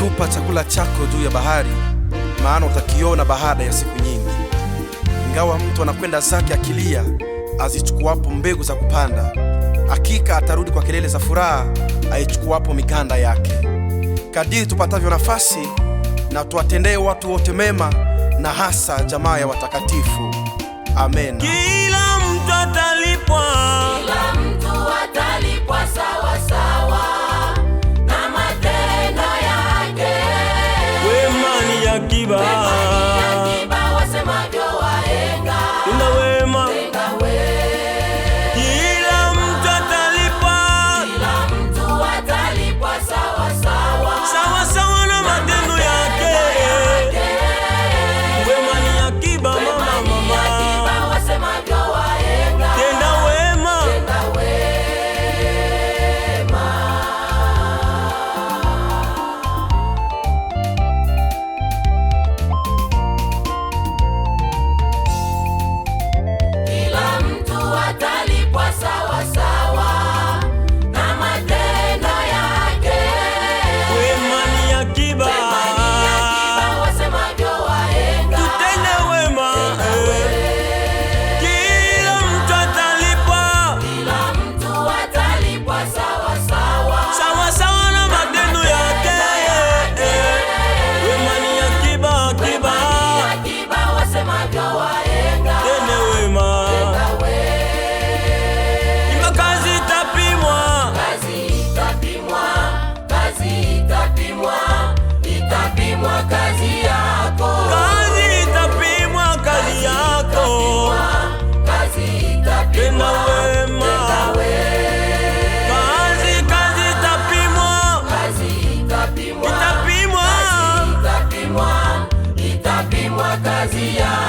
tupa chakula chako juu ya bahari, maana utakiona baada ya siku nyingi. Ingawa mtu anakwenda zake akilia, azichukuapo mbegu za kupanda, hakika atarudi kwa kelele za furaha, aichukuapo mikanda yake. Kadiri tupatavyo nafasi, na tuwatendee watu wote mema, na hasa jamaa ya watakatifu. Amen. qui va.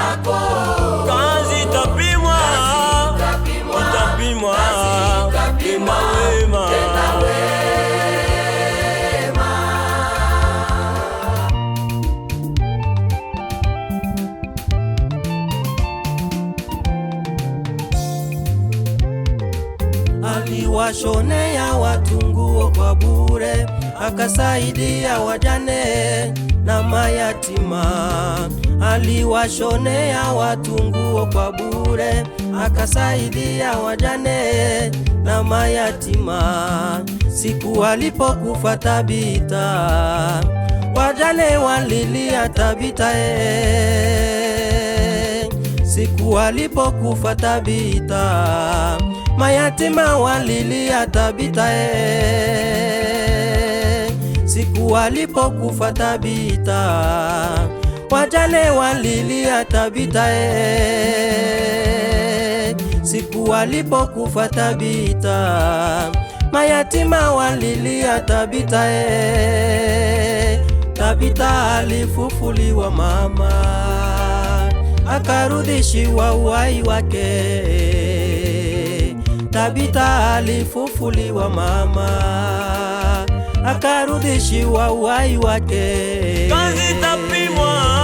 yako kazi itapimwa, itapimwa wema aliwashonea watu nguo kwa akasaidia wajane na mayatima, aliwashonea watu nguo kwa bure, akasaidia wajane na mayatima. Siku alipokufa Tabita, wajane walilia Tabita e. Eh. Siku alipokufa Tabita, mayatima walilia Tabita e. Eh siku alipokufa Tabita, wajale walilia Tabita e. siku alipokufa Tabita, mayatima walilia Tabita e. Tabita alifufuliwa mama, akarudishiwa uhai wake. Tabita alifufuliwa mama akarudishiwa uhai wake. Kazi tapimwa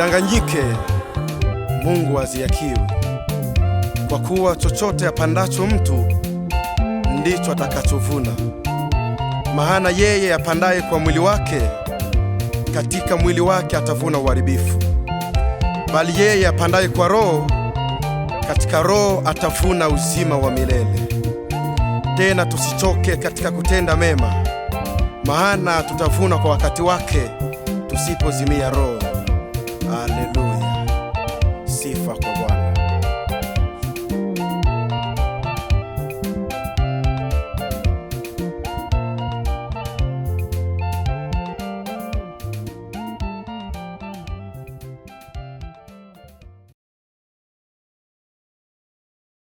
Usidanganyike, Mungu haziakiwi, kwa kuwa chochote apandacho mtu ndicho atakachovuna. Maana yeye apandaye kwa mwili wake, katika mwili wake atavuna uharibifu, bali yeye apandaye kwa Roho, katika Roho atavuna uzima wa milele. Tena tusichoke katika kutenda mema, maana tutavuna kwa wakati wake, tusipozimia roho. safer.